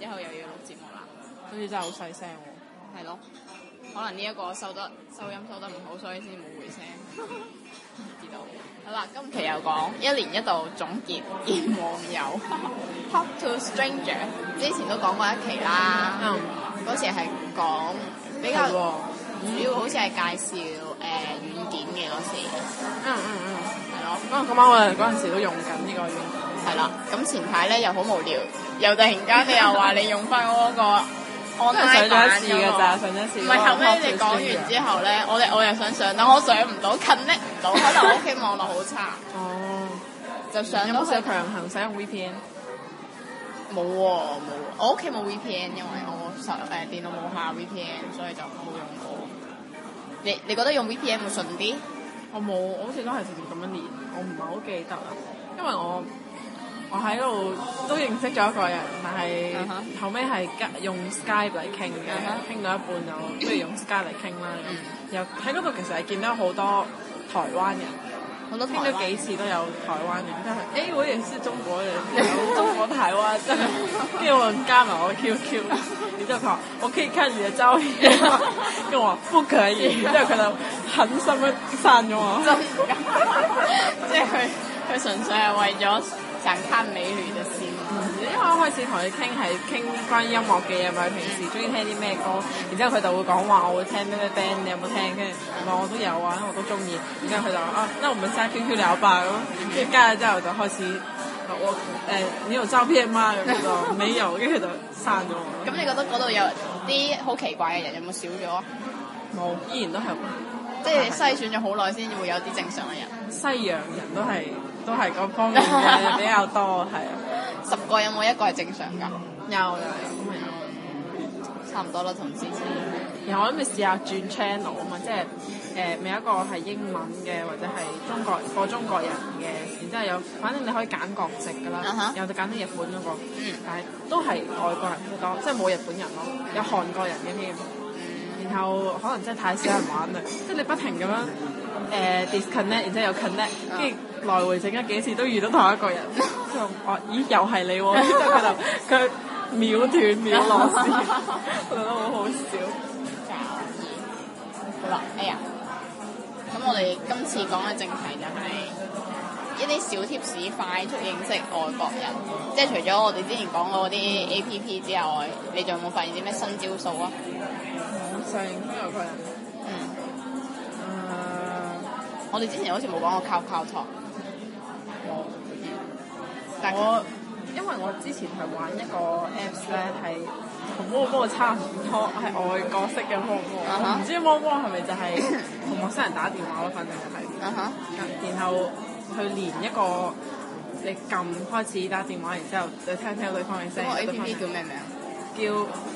之後又要錄節目啦，好似真係好細聲喎。係咯，可能呢一個收得收音收得唔好，所以先冇回聲。知道。好啦，今期又講一年一度總結見 網友，Talk to、stranger. s t r a n g e r 之前都講過一期啦，嗰、oh。時係講比較主要，好似係介紹誒軟、oh。嗯呃、件嘅嗰時。嗯嗯、oh。嗯。係、嗯嗯嗯、咯，咁為今我哋嗰陣時都用緊呢個軟件。係啦，咁前排咧又好無聊，又突然間你又話你用翻我嗰個安咋。 來上嘅喎，唔係後尾你講完之後咧，我哋我又想上，但 我上唔到 connect 唔到，可能我屋企網絡好差。哦， 就上有冇，因為要強行使用 VPN。冇喎，冇，我屋企冇 VPN，因為我手誒電腦冇下 VPN，所以就冇用過。你你覺得用 VPN 會順啲？我冇，我好似都係直接咁樣連，我唔係好記得啦，因為我。我喺度都認識咗一個人，但係後尾係用 Skype 嚟傾嘅，傾到、uh huh. 一半就不如用 Skype 嚟傾啦。又喺嗰度其實係見到好多台灣人，我都傾咗幾次都有台灣人。誒、欸，我哋係中國人，有中國台灣跟住 我加埋我 QQ，然後佢話我可以看你的照片，用我不可以，然後就佢就狠心咁刪咗我。即係佢佢純粹係為咗。想卡美聯嘅先，因為我開始同你傾係傾關於音樂嘅嘢嘛，平時中意聽啲咩歌，然之後佢就會講話我會聽咩咩 band，你有冇聽？跟住話我都有啊，我都中意。然之後佢就話啊，那我唔會刪 QQ 聊吧咯。跟住加咗之後，然後就開始我誒呢度招 PM 咁，佢就美遊，跟住就刪咗我。咁、欸、你， 你覺得嗰度有啲好奇怪嘅人有冇少咗？冇，依然都係。即係篩選咗好耐先會有啲正常嘅人，西洋人都係都係嗰方面 比較多，係啊。十個有冇一個係正常㗎？有有、嗯，咁啊有。嗯、差唔多啦，同之前、嗯。然後我諗住試下轉 channel 啊嘛，即係誒，呃、有一個係英文嘅，或者係中國個中國人嘅，然之後有，反正你可以揀國籍㗎啦。Uh huh. 有就揀到日本嗰個，嗯、但係都係外國人好多，即係冇日本人咯，有韓國人嘅添。然後可能真係太少人玩啦，即係 你不停咁樣誒 disconnect，connect，uh huh. 然之後又 connect，跟住來回整咗幾次都遇到同一個人，就話、 哦：咦，又係你喎、哦！跟住佢就佢秒斷秒落線，覺得好好笑。好啦，哎呀，咁我哋今次講嘅正題就係一啲小貼士，快速認識外國人。即係除咗我哋之前講過啲 APP 之外，你仲有冇發現啲咩新招數啊？性都佢嗯。誒，uh, 我哋之前好似冇玩過靠靠牀。我唔我因為我之前係玩一個 Apps 咧、嗯，係同摩摩差唔多，係外國式嘅摩摩。唔知摩摩係咪就係同陌生人打電話咯？反正就係。啊、huh. 然後佢連一個你撳開始打電話，然之後再聽聽對方嘅聲 So 誰。個 A P P 叫咩名？叫。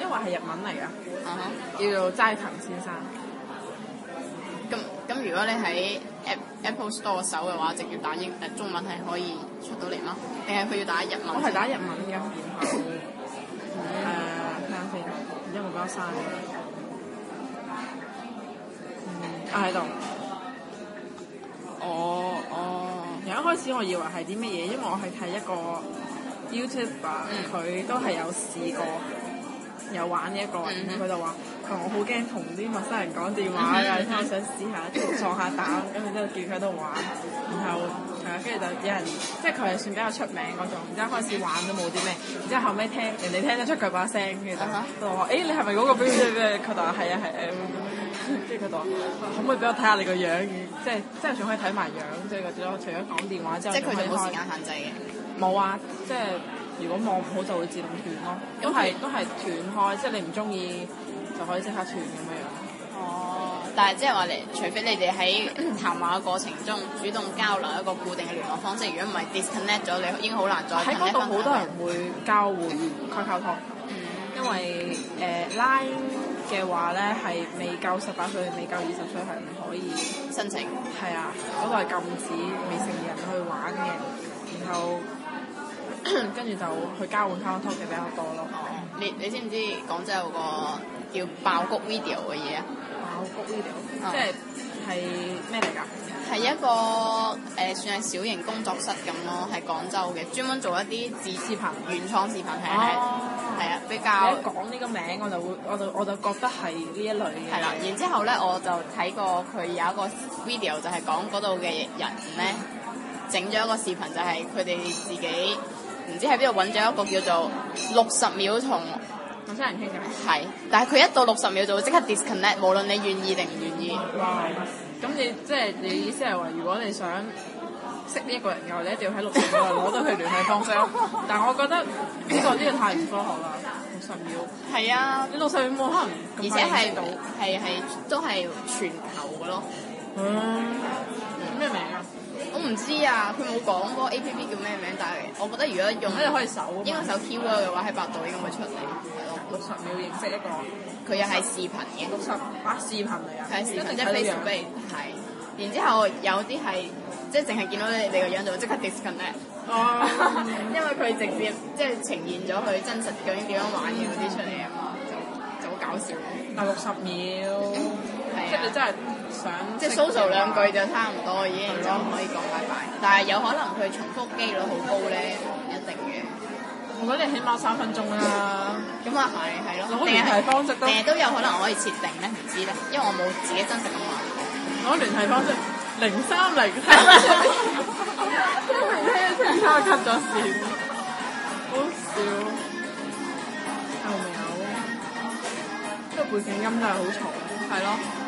因為係日文嚟噶，叫做齋藤先生。咁咁，如果你喺 App Apple Store 搜嘅話，直接打英誒中文係可以出到嚟囉，定係，佢要打日文。我係打日文嘅。誒，三四五，一個包三啦。嗯，啊喺度。哦，哦。由一開始我以為係啲乜嘢，因為我係睇一個 YouTuber，佢都係有試過。有玩呢一個，咁佢就話：，oh, 我好驚同啲陌生人講電話㗎，咁我想試下，即係壯下膽，然之後都叫佢喺度玩。然後係啊，跟住就有人，即係佢係算比較出名嗰種。然之後開始玩都冇啲咩，然之後後尾聽人哋聽得出佢把聲，跟住就都話：，誒你係咪嗰個？咩咩咩？佢就話：，係啊係。跟住佢就話：，可唔可以俾我睇下你個樣？即係即係仲可以睇埋樣，即係嗰啲咯。除咗講電話之後，即係佢冇時間限制嘅。冇啊，即係。如果網唔好就會自動斷咯，啊，都係都係斷開，即係你唔中意就可以即刻斷咁樣樣。哦，但係即係話你，除非你哋喺談話過程中主動交流一個固定嘅聯絡方式，如果唔係 disconnect 咗，你已經好難再喺嗰度好多人會交換溝溝通， 因為誒、呃、Line 嘅話咧係未夠十八歲、未夠二十歲係唔可以申請，係啊，嗰度係禁止未成年人去玩嘅，然後。 跟住就去交換卡通嘅比較多咯。你你知唔知廣州有個叫爆谷 video 嘅嘢啊？爆谷 video，、嗯、即係係咩嚟㗎？係一個誒、呃，算係小型工作室咁咯，係廣州嘅，專門做一啲自製片、原創視頻嘅，係啊、哦，比較。一講呢個名我就會，我就我就覺得係呢一類嘅。係啦，然之後咧，我就睇過佢有一個 video，就係講嗰度嘅人咧，整咗一個視頻，就係佢哋自己。唔知喺邊度揾咗一個叫做六十秒同陌生人傾偈，係，但係佢一到六十秒就會即刻 disconnect，無論你願意定唔願意。哇！咁你即係、就是、你意思係話，如果你想識呢一個人嘅話，你一定要喺六十秒內攞到佢聯繫方式。 但係我覺得呢、這個啲嘢、這個、太唔科學啦，六十秒。係啊，你六十秒冇可能而且到，係係都係全球嘅咯。嗯，咩名？唔知啊，佢冇講嗰個 A P P 叫咩名，但係我覺得如果用咧可以搜，應該搜 T V R 嘅話喺百度應該會出嚟嘅咯。六十秒認識一個，佢又係視頻嘅，六十八視頻嚟啊，睇視頻即係俾視頻俾你睇，然之後有啲係即係淨係見到你你個樣就即刻 disconnect。哦，因為佢直接即係呈現咗佢真實究竟點樣玩嘅嗰啲出嚟啊嘛，就就好搞笑。但六十秒，即係真係。想即係 social 兩句就差唔多已經，然之後可以講拜拜。但係有可能佢重複機率好高咧，唔一定嘅。我覺得起碼三分鐘啦。咁啊係，係咯。聯繫方式都誒都有可能可以設定咧，唔知咧，因為我冇自己真實咁話。攞聯繫方式零三零，聽唔聽得清？卡級咗線，好少。仲有，呢個背景音真係好重，係咯。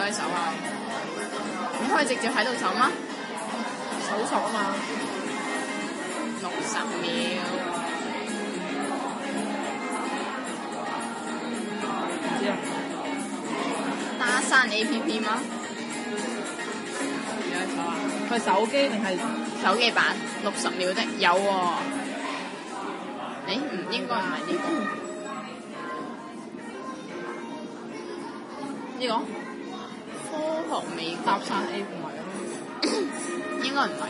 開手啊！你可以直接喺度搜啊，搜索啊嘛，六十秒。咁樣。搭訕 A P P 嗎？開手啊！佢手機定係手機版？六十秒的有喎。誒，唔應該呢個。呢個？未搭山 A 唔係咯， 應該唔係。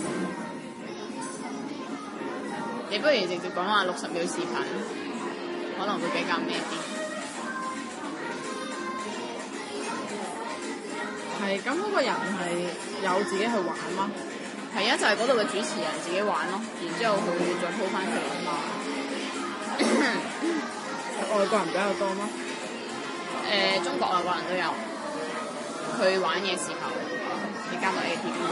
嗯、你不如直接講話六十秒視頻，可能會比較咩啲。係，咁嗰個人係有自己去玩嗎？係啊，就係嗰度嘅主持人自己玩咯，然之後佢再 po 翻佢啊嘛。嗯嗯、 外國人比較多嗎？誒，中國外國人都有，佢玩嘅時候，你加個 A P P 咯。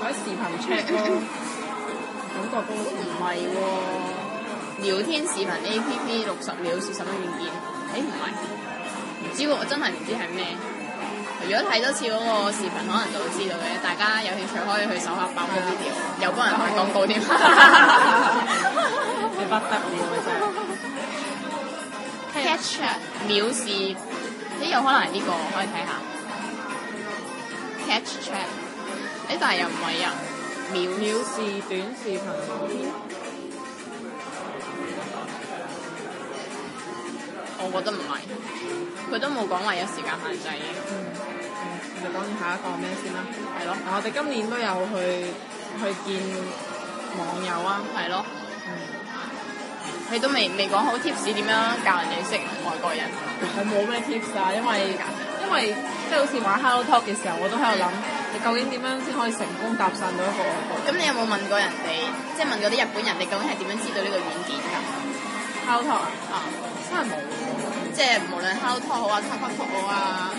佢喺視頻出咯，廣告都唔係喎，聊 天視頻 A P P 六十秒，秒、欸、是，是什麼軟件？誒，唔係，唔知喎，真係唔知係咩。如果睇多次嗰個視頻，可能就會知道嘅。大家有興趣可以去搜下爆紅視頻，又 幫人睇廣告添。你不得了真係。Catch 秒視，咦、欸、有可能係呢個，可以睇下。Catch Chat，哎、欸、但係又唔係人，秒秒視短視頻片。我覺得唔係，佢都冇講話有時間限制嘅。嗯嗯，就講下一個咩先啦。係咯，啊、我哋今年都有去去見網友啊，係咯。你都未未講好 tips 點樣教人哋識外國人？我冇咩 tips 啊，因為因為即係、就是、好似玩 Hello Talk 嘅時候，我都喺度諗，嗯、你究竟點樣先可以成功搭上到一個外國？咁你有冇問過人哋，即、就、係、是、問過啲日本人，你究竟係點樣知道呢個軟件㗎 Hello Talk 啊，真係冇，即係無論 Hello Talk 好啊，Discover 好啊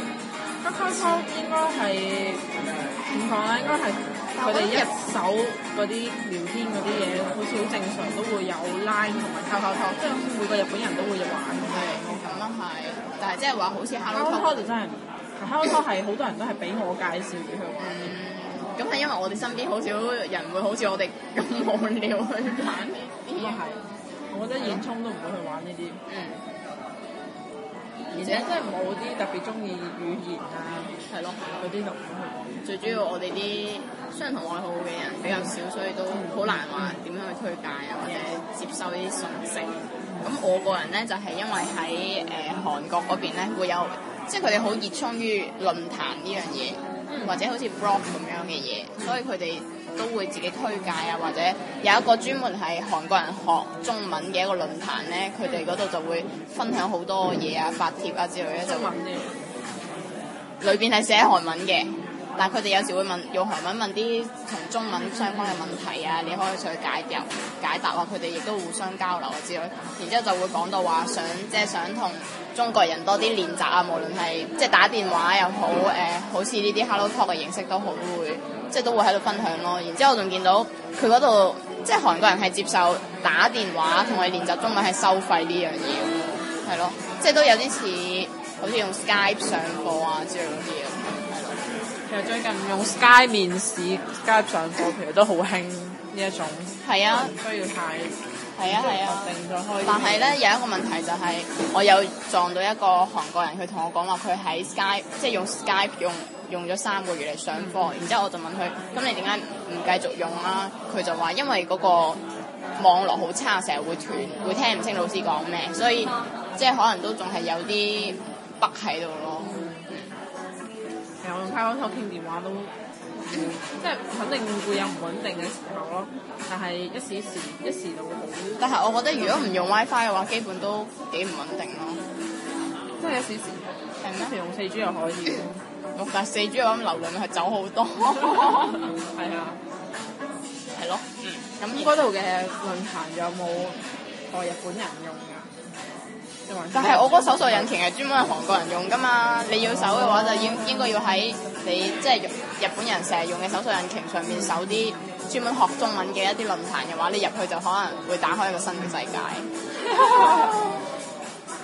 ，Discover 應該係點講咧？應該係。佢哋一手嗰啲聊天嗰啲嘢，好似好正常，都會有 Line 同埋 HelloTalk 即係每個日本人都會玩。係咁啊，係，但係即係話好似 HelloTalk 就真係唔得 HelloTalk 係好多人都係俾我介紹去玩。咁係因為我哋身邊好少人會好似我哋咁無聊去玩呢啲。咁係，我覺得現充都唔會去玩呢啲。 嗯。而且真係冇啲特別中意語言、嗯、啊，係咯，嗰啲就最主要我哋啲相同愛好嘅人比較少，嗯、所以都好難話點樣去推介啊，嗯、或者接受啲信息。咁、嗯、我個人咧就係、是、因為喺誒、呃、韓國嗰邊咧會有，即係佢哋好熱衷於論壇呢樣嘢。或者好似 blog 咁樣嘅嘢，所以佢哋都會自己推介啊，或者有一個專門係韓國人學中文嘅一個論壇咧，佢哋度就會分享好多嘢啊、發帖啊之類咧，就裏邊係寫韓文嘅。但係佢哋有時會問用韓文問啲同中文相關嘅問題啊，你可以上去解答。解答啊，佢哋亦都互相交流之類。然之後就會講到話想即係想同中國人多啲練習啊，無論係即係打電話又好，誒、呃、好似呢啲 HelloTalk 嘅形式都好，會即係都會喺度分享咯。然之後我仲見到佢嗰度即係韓國人係接受打電話同我哋練習中文係收費呢樣嘢，係、嗯、咯，即係都有啲似好似用 Skype 上課啊之類嗰啲啊。其實最近用 Skype 面試加 上課其實都好興呢一種，啊，需要太，係啊係啊，確定咗開。但係咧有一個問題就係、是，我有撞到一個韓國人，佢同我講話佢喺 Skype，即係用 Skype 用用咗三個月嚟上課，然之後我就問佢，咁你點解唔繼續用啦？佢就話因為嗰個網絡好差，成日會斷，會聽唔清老師講咩，所以即係可能都仲係有啲北喺度咯。係 我用卡嗰套傾電話都， 即係肯定會有唔穩定嘅時候咯。但係一時時一時就會好。一時一時但係我覺得如果唔用 WiFi 嘅話，基本都幾唔穩定咯。即係一時時。係咩？用四 G 又可以。用 但係四 G 我諗流量係走好多。 係對啊。係咯。嗯。咁嗰度嘅論壇有冇代日本人用？但係我嗰搜索引擎係專門係韓國人用噶嘛，你要搜嘅話就應應該要喺你即係日本人成日用嘅搜索引擎上面搜啲專門學中文嘅一啲論壇嘅話，你入去就可能會打開一個新嘅世界。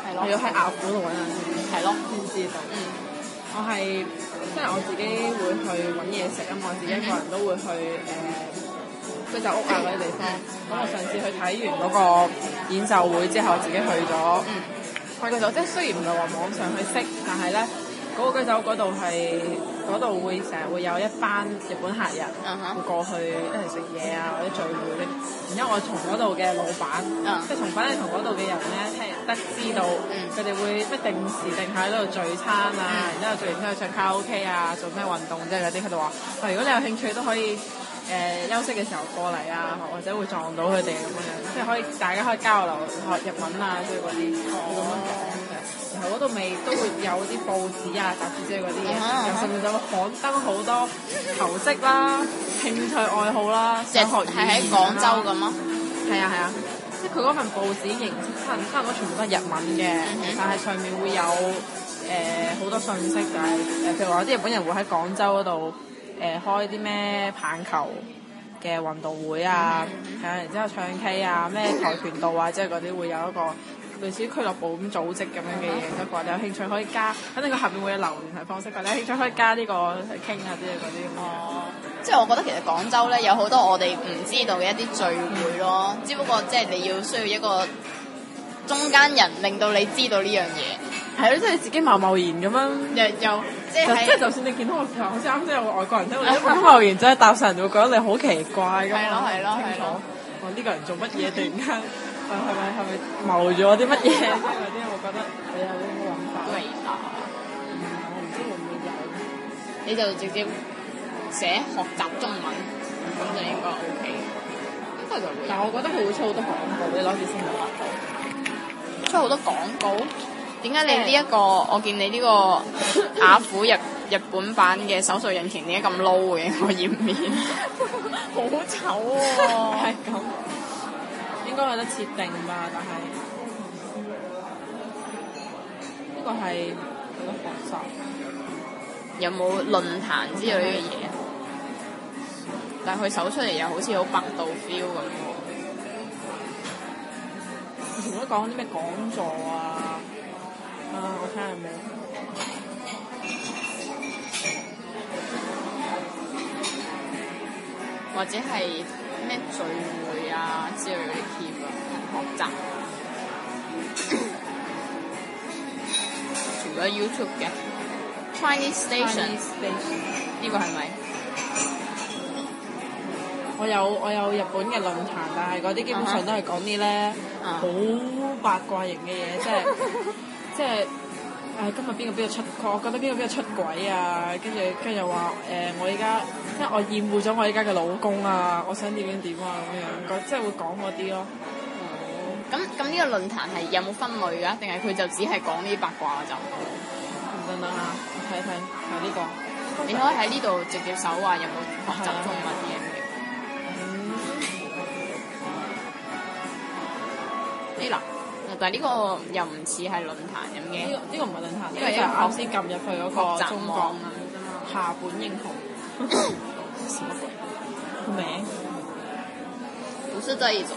係 咯，你要喺亞洲度揾人先，係咯，先知道。嗯，我係即係我自己會去揾嘢食啊嘛，我自己一個人都會去誒。 呃居酒屋啊嗰啲地方，咁我 上次去睇完嗰個演奏會之後，自己去咗。去嗰度即係雖然唔係話網上去識，嗯、但係咧嗰個居酒嗰度係嗰度會成日會有一班日本客人會過去一齊食嘢啊或者聚會咧。然之後我從嗰度嘅老闆，即係從咧同嗰度嘅人咧聽得知到佢哋會不定時定喺度聚餐啊，嗯、然之後聚完之後唱卡拉 OK 啊，做咩運動即係嗰啲，佢就話：如果你有興趣都可以。誒、呃、休息嘅時候過嚟啊，或者會撞到佢哋咁樣， 即係可以大家可以交流學日文啊，即係嗰啲咁樣嘅。 哦、然後嗰度咪都會有啲報紙啊，雜誌甚至即係嗰啲，甚至就刊登好多頭飾啦、興趣愛好啦。想 學係喺、啊、廣州咁咯，係 啊係啊，即係佢嗰份報紙形式差唔多，全部都係日文嘅， 但係上面會有誒好、呃、多信息，就係，但係誒譬如話有啲日本人會喺廣州嗰度。誒開啲咩棒球嘅運動會啊，誒、啊、然之後唱 K 啊，咩跆拳道啊，即係嗰啲會有一個類似俱樂部咁組織咁樣嘅嘢得啩？嗯、你有興趣可以加，反正佢下面會有留聯繫方式㗎。你有興趣可以加呢、呢個去傾下啲嘢嗰啲。哦，嗯啊、即係我覺得其實廣州咧有好多我哋唔知道嘅一啲聚會咯，只不過即係你要需要一個中間人令到你知道呢樣嘢，係咯，即係自己貿貿然咁樣又又。即係，即係，就算你見到我，好似啱先有個外國人，即係啱學完，即係搭上就會覺得你好奇怪咁咯。係咯，係咯，係咯。我呢個人做乜嘢？突然間，係咪係咪謀咗啲乜嘢？即係嗰啲，我覺得你係有啲諗法。未啊？嗯，我唔知會唔會有。你就直接寫學習中文，咁就應該 OK。應該就會。但係我覺得佢會出好多廣告，你攞住先唔好。出好多廣告。點解你呢、這、一個？的我見你呢個雅虎日日本版嘅搜尋引擎點解咁 low 嘅？我嫌面，好 醜喎、哦！係咁、 哎，應該有得設定吧？但係呢個係覺得垃圾，有冇論壇之類嘅嘢 Okay. 但係佢搜出嚟又好似好百度 feel 咁喎。以前都啲講啲咩講座啊？啊！我睇下咩，或者係咩聚會啊之類嗰啲 Keep 啊，學習，除咗 YouTube 嘅，Chinese Station，呢個係咪？我有我有日本嘅論壇，但係嗰啲基本上都係講啲咧好八卦型嘅嘢，即係、uh。Huh. Uh huh. 即係誒、呃、今日邊個邊個出軌，我覺得邊個邊個出軌啊？跟住跟住又話誒、呃、我依家，因為我厭惡咗我依家嘅老公啊，我想點點點啊咁樣，即係會講嗰啲咯。咁咁呢個論壇係有冇分類啊？定係佢就只係講呢啲八卦就？等等下，我睇睇，睇呢、呢個，睇睇你可以喺呢度直接搜下有冇集中物啲嘢。但係呢個又唔似係論壇咁嘅、啊，呢、呢個呢、呢個唔係論壇，因為我先撳入去嗰個網站下本認同。啊、英 什麼鬼？個名麼？不是這一種。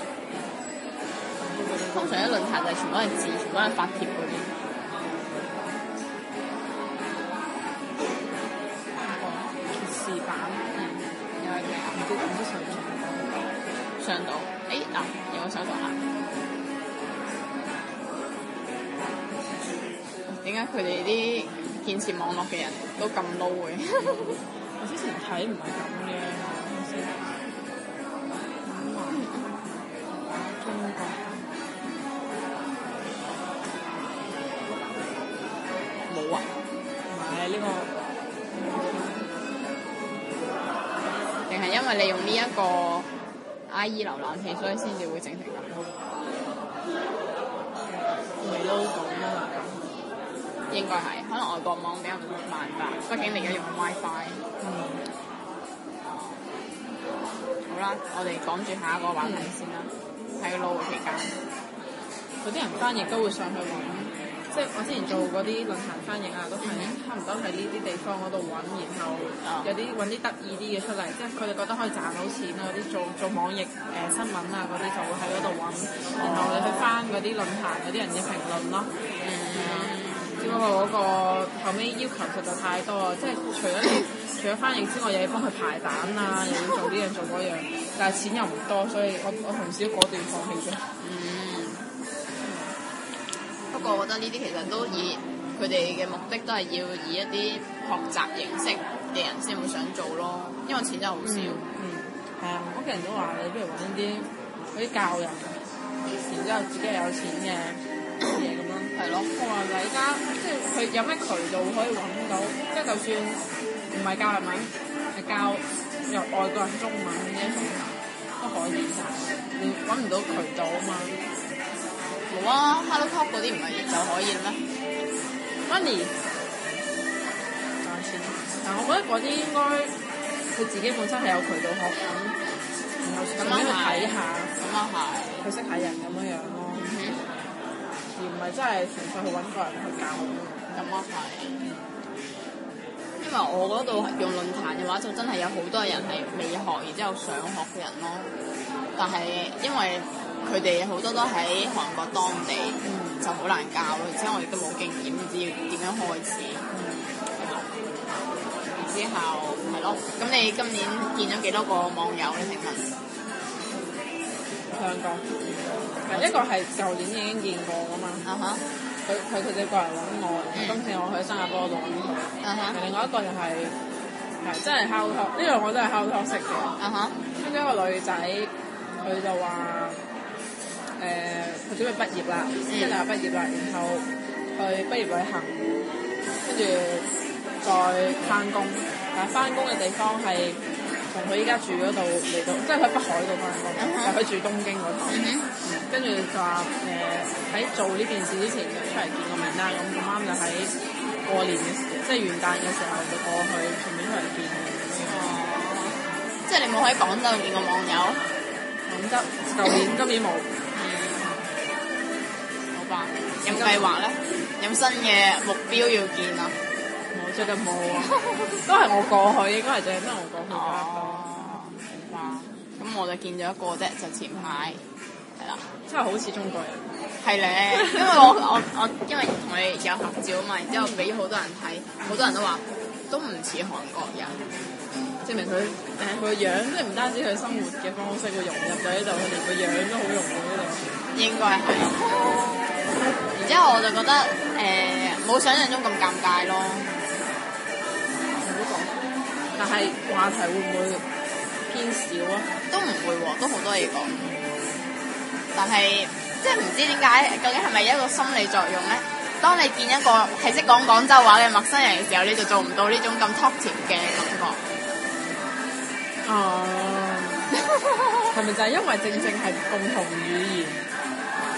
通常嘅論壇就係全部人集，全部人發帖嗰啲。爵士版。又係啲廣告，都上唔到。上到？哎，嗱、啊，有個手續下。點解佢哋啲建設網絡嘅人都咁 low 嘅？我之前睇唔係咁嘅，先啊！亞冇啊？唔，呢個，定係 因為你用呢一個 IE 瀏覽器，所以先至會整成。 應該係，可能外國網比較慢吧。畢竟你而家用 WiFi，嗯嗯。好啦，我哋講住下一個話題先啦。喺、嗯、路期間，嗰啲人翻譯都會上去揾，即係我之前做嗰啲論壇翻譯啊，都係差唔多喺呢啲地方嗰度揾，然後有啲揾啲得意啲嘅出嚟，即係佢哋覺得可以賺到錢啊！嗰啲做做網易誒、呃、新聞啊嗰啲就會喺嗰度揾，嗯、然後你去翻嗰啲論壇嗰啲人嘅評論咯。嗯。嗯嗯嗰個嗰個後尾要求實在太多啦，即係除咗你 除咗翻譯之外，又要幫佢排版啊，又要做啲樣做嗰樣，但係錢又唔多，所以我我從小果斷放棄咗。嗯。不過，我覺得呢啲其實都以佢哋嘅目的都係要以一啲學習形式嘅人先會想做咯，因為錢真係好少，嗯。嗯。係啊，屋企人都話你不如揾啲啲教人，然之後自己又有錢嘅嘢咁咯。係咯，不過就係依家。 即係佢有咩渠道可以揾到？即係就算唔係教日文，係教由外國人中文呢一種都可以，唔揾唔到渠道啊嘛。冇啊，HelloTalk 嗰啲唔係就可以咩？Money？賺錢。嗱、啊啊，我覺得嗰啲應該佢自己本身係有渠道學緊，然後順便去睇下，咁啊係，佢、嗯嗯、識睇人咁樣樣咯。而唔係真係純粹去揾個人去教咁咯，嗯嗯、因為我嗰度用論壇嘅話，就真係有好多人係未學，然之後想學嘅人咯。但係因為佢哋好多都喺韓國當地，嗯、就好難教，而且我亦都冇經驗，唔知要點樣開始。嗯嗯、然之後係、嗯、咯，咁你今年見咗幾多個網友呢？你問香港。一個係舊年已經見過噶嘛，佢佢佢哋過嚟揾我，今次我去新加坡度揾佢。Uh huh. 另外一個又係係真係 HelloTalk，呢樣我都係 HelloTalk 識嘅。跟住、uh huh. 一個女仔，佢就話誒，佢、呃、準備畢業啦，即係大學畢業啦，然後去畢業旅行，跟住再返工，但係返工嘅地方係。同佢依家住嗰度嚟到，即係佢北海度翻工，但係佢住東京嗰度。跟住就話誒喺做呢件事之前就出嚟見個面啦。咁咁啱就喺過年嘅時，即係元旦嘅時候就過去順便出嚟見。哦，即係你冇喺廣州見過網友？廣州，舊年、今年冇。 嗯，好吧？有冇計劃咧？有新嘅目標要見啊？冇，最近冇啊，都係我過去，應該係最多我過去。Oh. 我就見咗一個啫，就前排係啦，真係好似中國人，係咧，因為我 我我，我因為同你有合照啊嘛，然之後俾好多人睇，好多人都話都唔似韓國人，證明佢佢個樣，即係唔單止佢生活嘅方式會融入到呢度，佢連個樣都好融入呢度，應該係。然之後我就覺得誒冇、呃、想象中咁尷尬咯，我都講，但係話題會唔會？偏少啊，啊，都唔會喎，都好多嘢講。但係即係唔知點解，究竟係咪一個心理作用咧？當你見一個係識講廣州話嘅陌生人嘅時候，你就做唔到呢種咁 top 嘅感覺。哦、嗯，係咪 就係因為正正係共同語言，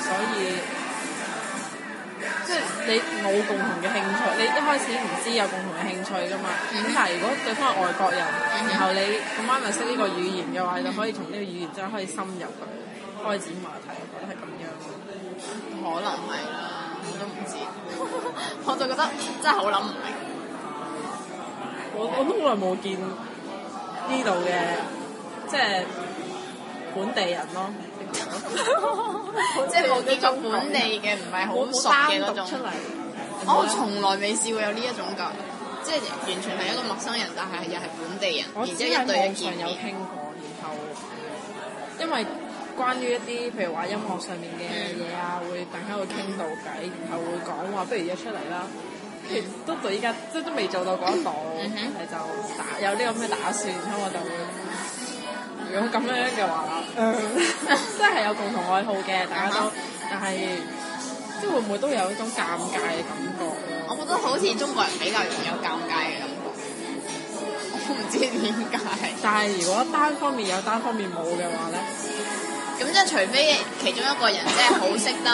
所以？你冇共同嘅興趣，你一開始唔知有共同嘅興趣噶嘛？咁但係如果對方係外國人，然後你咁啱咪識呢個語言嘅話，就可以從呢個語言真係可以深入佢，開展話題，我覺得係咁樣。可能係啦，我都唔知， 我就覺得真係好諗唔明。我我都好耐冇見呢度嘅，即係。本地人咯、嗯， 清即係見個本地嘅唔係好熟嘅嗰種出、哦，我從來未試過有呢一種噶，即係完全係一個陌生人，但係又係本地人，我知而家一對一上有傾過，然後因為關於一啲譬如話音樂上面嘅嘢啊，嗯、會大家會傾到偈，然後會講話不如約出嚟啦。其都到依家，即係都未做到嗰一步，係、嗯嗯、就打有呢個咁嘅打算，然咁我就會。如果咁樣嘅話，即、嗯、係有共同愛好嘅，大家都，但係即會唔會都有一種尷尬嘅感覺、啊？我覺得好似中國人比較容易有尷尬嘅感覺，我唔知點解。 但係如果單方面有，單方面冇嘅話咧，咁即係除非其中一個人即係好識得，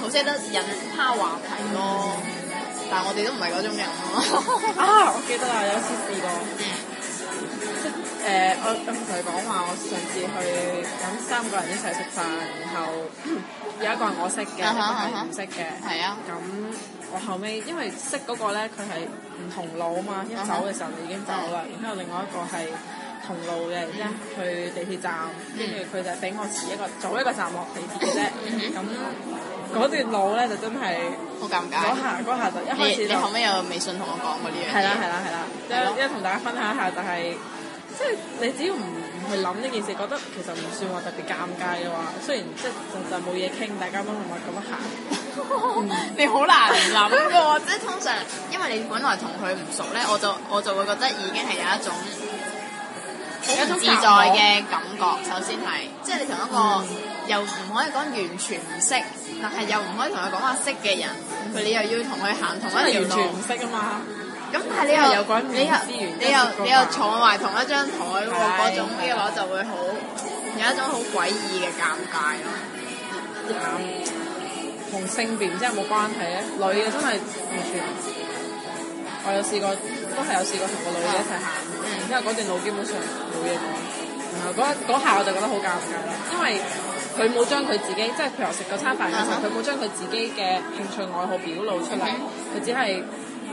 好識 得引他話題咯、啊。 但係我哋都唔係嗰種人咯、啊。 啊，我記得啦，有次試,試過。誒，我我同佢講話，我上次去咁三個人一齊食飯，然後有一個係我識嘅，一個係唔識嘅。係啊。咁我後尾，因為識嗰個咧，佢係唔同路啊嘛，一走嘅時候就已經走啦。然之後另外一個係同路嘅，一去地鐵站，跟住佢就俾我遲一個早一個站落地鐵嘅啫。咁嗰段路咧就真係好尷尬。嗰下嗰下就一開始你你後尾有微信同我講過呢樣。係啦係啦係啦，即係即係同大家分享下就係。即係你只要唔唔去諗呢件事，覺得其實唔算話特別尷尬嘅話，雖然即係就就冇嘢傾，大家都默默咁行，你好難諗嘅喎。即係通常，因為你本來同佢唔熟咧，我就我就會覺得已經係有一種一種自在嘅感覺。首先係，即係你同一個又唔可以講完全唔識，但係又唔可以同佢講話識嘅人，佢你又要同佢行同一條路。唔識啊嘛！咁但係你又你又你又你又坐埋同一張台喎，嗰種呢個就會好有對 一種好詭異嘅尷尬咯、啊。同性別真係冇關係咧？女嘅真係完全，我有試過，都係有試過同個女嘅一齊行，因為嗰段路基本上冇嘢講。嗰嗰對 下我就覺得好尷尬啦，因為佢冇將佢自己，即係佢又食嗰餐飯嗰陣時候，佢冇將佢自己嘅興趣愛好表露出嚟，佢對 只係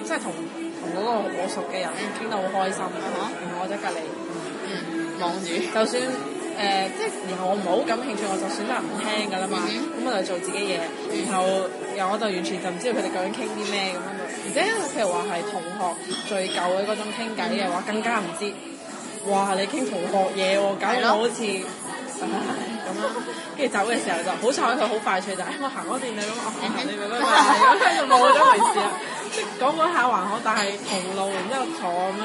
即係同，同嗰個我熟嘅人傾得好開心啦、啊、然後我就隔離望住，就算誒、呃、即係是，然後我唔好感興趣，我就選擇唔聽噶啦嘛，咁、嗯、我就做自己嘢，然後又我就完全就唔知道佢哋究竟傾啲咩咁樣，而且譬如話係同學最舊嘅嗰種傾偈嘅話，嗯、更加唔知，哇！你傾同學嘢喎，搞到我好似，的 跟住走嘅時候好就好彩佢好快脆。就，我行多你咁，我行多段咁，跟住冇咗回事啊！即講講下還好，但係同路，然之後坐咁樣，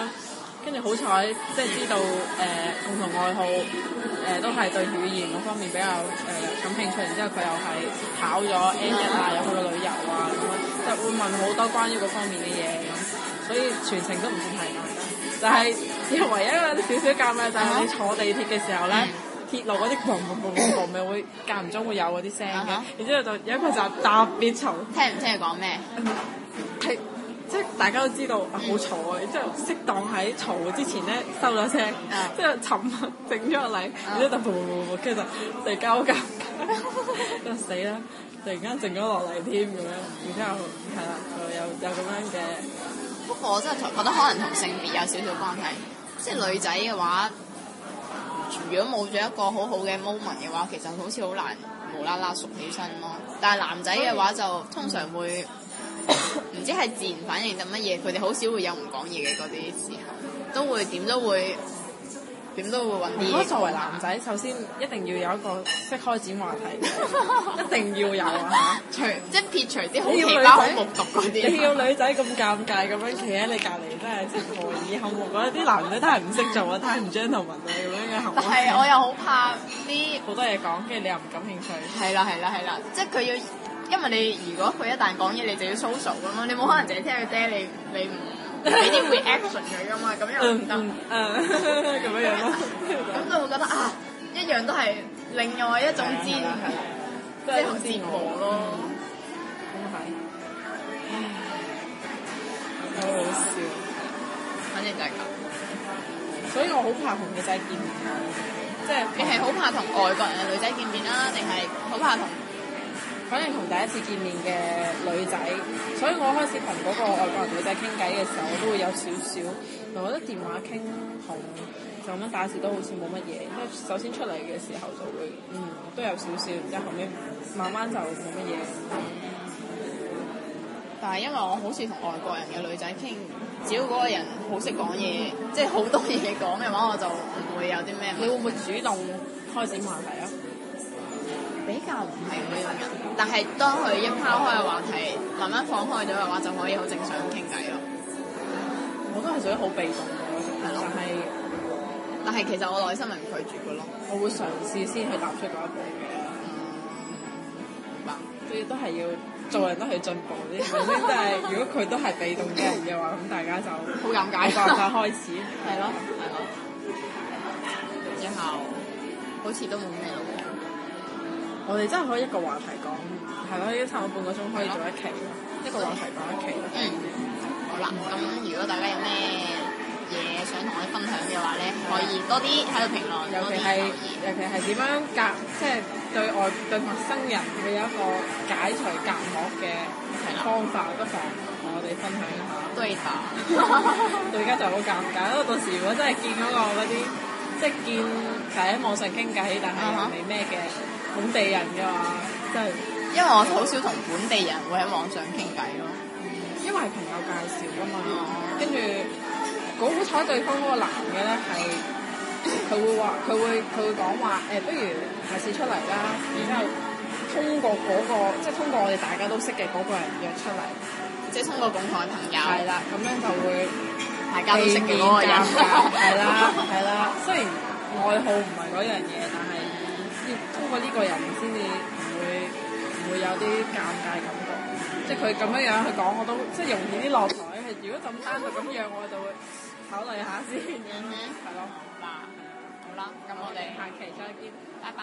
跟住好彩即知道誒共、呃、同愛好，誒、呃、都係對語言嗰方面比較誒感興趣，然之後佢又係考咗 N 一啊，又去過旅遊啊，咁樣就會問好多關於嗰方面嘅嘢咁，所以全程都唔算係難嘅，就係只係唯一有啲少少尷尬就係、是嗯、你坐地鐵嘅時候咧。鐵路嗰啲噉嘅噉噉，咪會間唔中會有嗰啲聲嘅，uh huh. 然之後就有一個就特別嘈，聽唔聽佢講咩？係、 嗯、即係大家都知道好嘈嘅，然之後適當喺嘈之前咧收咗聲，uh huh. 即係沉默靜咗落嚟，然之後噉噉噉，跟住就突然間好尷尬，死啦！突然間靜咗落嚟添咁樣，然之後係啦，有有咁樣嘅。不過我真係覺得可能同性別有少少關係， 即係女仔嘅話。如果冇咗一個好好嘅 moment 嘅話，其實好似好難無啦啦熟起身咯。但係男仔嘅話就通常會、嗯、唔知係自然反應定乜嘢，佢哋好少會有唔講嘢嘅嗰啲時候，都會點都會。如果點都會揾啲。作為男仔，首先一定要有一個識開展話題，一定要有啊！除 即係撇除啲好奇怪、木獨啲。 你有女仔咁尷尬咁樣企喺你隔離，真係折磨。以後我覺得啲男仔都係唔識做啊，都係唔 gentleman 啊咁樣嘅行為。但我又好怕啲好多嘢講，跟住你又唔感興趣。係啦係啦係啦，即係佢要，因為你如果佢一旦講嘢，你就要 social 咁樣，你冇可能淨係聽佢爹，你，你唔。俾啲 reaction 佢噶嘛，咁又唔得，咁樣樣咯，咁就會覺得啊，一樣都係另外一種煎熬，即係折磨咯，真係，好好笑，反正就係咁，所以我好怕同女仔見面啊，即係你係好怕同外國人嘅女仔見面啦，定係好怕同？反正同第一次見面嘅女仔，所以我開始同嗰個外國人女仔傾偈嘅時候，我都會有少少。同我覺得電話傾同就咁樣打字都好似冇乜嘢。因為首先出嚟嘅時候就會，嗯，都有少少，然之後後面慢慢就冇乜嘢。但係因為我好似同外國人嘅女仔傾，只要嗰個人好識講嘢，即係好多嘢講嘅話，我就唔會有啲咩。你會唔會主動開始話題啊？比較唔係嗰種人，但係當佢一拋開嘅話題，慢慢放開咗嘅話，就可以好正常傾偈咯。我都係屬於好被動嘅，係咯，但係但係其實我內心係唔拒絕嘅咯。我會嘗試先去踏出嗰一步嘅。明白。所以都係要做人都係進步啲，首先即係如果佢都係被動嘅人嘅話，咁大家就好尷尬啩開始，係咯係咯，之後好似都冇咩。我哋真係可以一個話題講，係咯，已經差唔多半個鐘可以做一期，的一個話題講一期。以嗯，嗯，好啦，咁如果大家有咩嘢想同我哋分享嘅話咧，可以多啲喺度評論，多啲提議，尤其係點樣隔，即係對外、嗯、對陌生人會有一個解除隔膜嘅方法，不妨同我哋分享一下。對吧，到而家就好尷尬，因為到時如果真係見到我嗰啲，即係見就喺網上傾偈，但係未咩嘅。本地人嘅嘛，即係對因為我好少同本地人會喺網上傾偈咯，嗯、因為係朋友介紹嘅嘛，跟住嗰好彩對方個男嘅咧係，佢會話，佢會佢會講話，誒、哎、不如下次出嚟啦，嗯、然之後通過、嗰個，即、就、係、是、通過我哋大家都識嘅個人約出嚟，即、就、係、是、通過共同嘅朋友。係啦、嗯，咁樣就會大家都識嘅嗰個人、啊。係啦係啦，雖對吧 然愛好唔係嗰樣嘢，但通過呢個人先至唔會唔會有啲尷尬感覺，即係佢咁樣樣去講，我都即係容易啲落台。係，如果就唔啱佢咁樣，我就會考慮下先。係咯，嗱，好啦，咁我哋下期再見，拜拜。